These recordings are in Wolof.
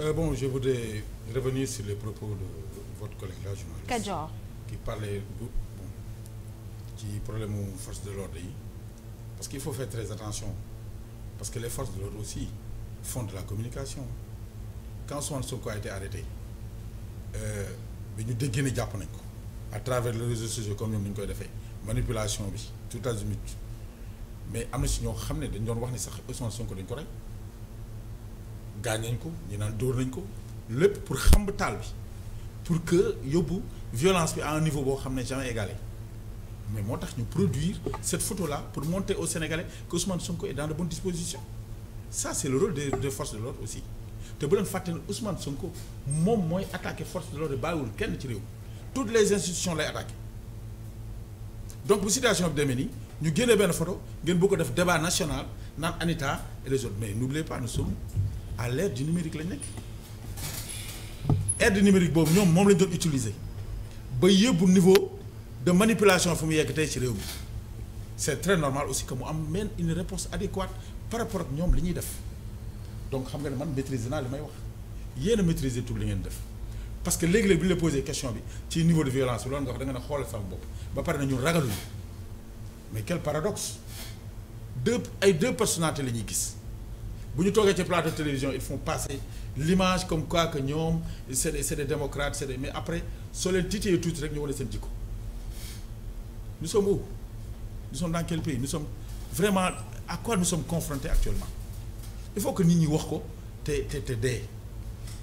Euh, bon, je voudrais revenir sur les propos de votre collègue là, journaliste. Kajor. Qui parlait ci problème aux forces de l'ordre. Parce qu'il faut faire très attention. Parce que les forces de l'ordre aussi font de la communication. Quand Swan Soko a été arrêté, euh, nous dégainons Japonais à travers les réseaux sociaux comme nous avons fait. Manipulation, oui, tout à zumut. Mais nous savons que nous avons dit que Ousmane Sonko est correct. gaañ nañ ko ñi naan dóor nañ ko lépp pour xamb taal bi pour que yóbbu violence bi en niveau boo xam ne jamais égalé mais moo tax ñu produire cette photo la pour montrer aux Sénégalais que Ousmane Sonko est dans de bonnes dispositions ça c'est le rôle des des de l'ordre aussi te bu leen fàtte ne Ousmane Sonko moom mooy attaqué force de l'ordre bàyyiwul kenn ci réew toutes les institutions lay attaqué donc bu situation bi demee nii ñu génnee benn photo ngeen bëgg ko def débat national naan Anita et mais n'oubliez pas nous à l'ère du numérique lañ nekk ère du numérique boobu ñoom moom lañ doon utiliser ba yóbbu niveau de manipulation fu mu yegg tey ci réew mi c'est très normal aussi que mu am même une réponse adéquate par rapport ak ñoom li ñuy def donc xam nga ne man maîtriser naa li may wax yéen a maîtriser tout li ngeen def parce que léegi-léegi bi ñu la posé question bi ci niveau de violence bi loolu nga wax da nga ne xoolal sama bopp ba pare na ñun ragaluñu mais quel paradoxe deux ay deux personnalités la ñuy gis bu ñu toogee ci plateau télévision ils font passer l'image comme quoi que ñoom c'est des c'est des démocrates c'est des mais après soo leen tiitee tuuti rek ñu wane seen jikko nous sommes où nous sommes dans pays nous sommes vraiment à quoi nous sommes confrontés actuellement il faut que nit ñi wax ko te te te dee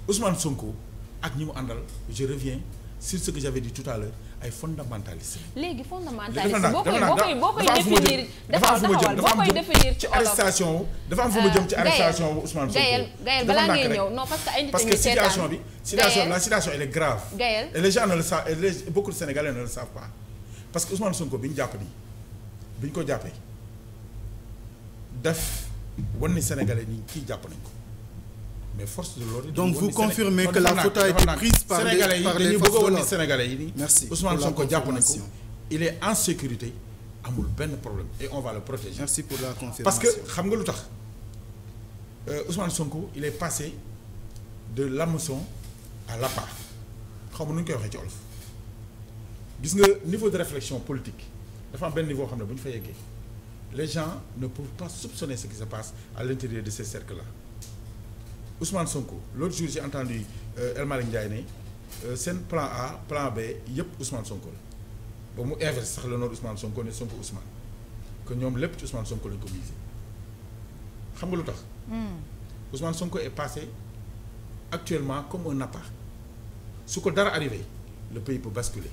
Ousmane Sonko ak ñi mu àndal je reviens sur ce que j'avais dit tout à l'heure ay fondamentaliste léegi fondamentaliste boo koy boo koy définir dafa am fu ma jëm dafa am ci arrestation dafa am fu ma jëm ci euh, arrestation wu Ousmane Sonko Gaël Gaël balaa ngay ñëw non parce que ay nit parce que situation bi situation la situation elle est grave Gaël et les gens ne le savent les beaucoup de Sénégalais ne parce que Ousmane ko bi ñu jàpp nii bi ñu ko jàppee def wan ni Sénégalais nii kii jàpp nañ ko mais force de l'ordre donc vous confirmez que la faute a prise par les Sénégalais yi a woon ni Sénégalais yi nii. merci Sonko jàpp nañ ko il est en sécurité amul benn problème et on va le pour la confirmation parce que xam nga lu tax euh, Ousmane Sonko il est passé de l'hameçon à l'appât xaw ma nu ñu koy waxee ci olof gis nga niveau de réflexion politique dafa am benn niveau xam ne bu ñu fa yeggee les gens ne peuvent pas soupçonner ce qui se passe à l'intérieur de ces cercles Ousmane Sonko l'autre jour j'ai entendu euh, El Malick Ndiaye ne euh, seen plan A plan B yëpp Ousmane Sonko la ba mu inverse sax le nom Ousmane Sonko ne Sonko Ousmane que ñoom lépp ci Ousmane Sonko lañ ko visé xam nga lu tax. Hmm. Ousmane Sonko est passé actuellement comme un appât su ko dara arrivé le pays peut basculer.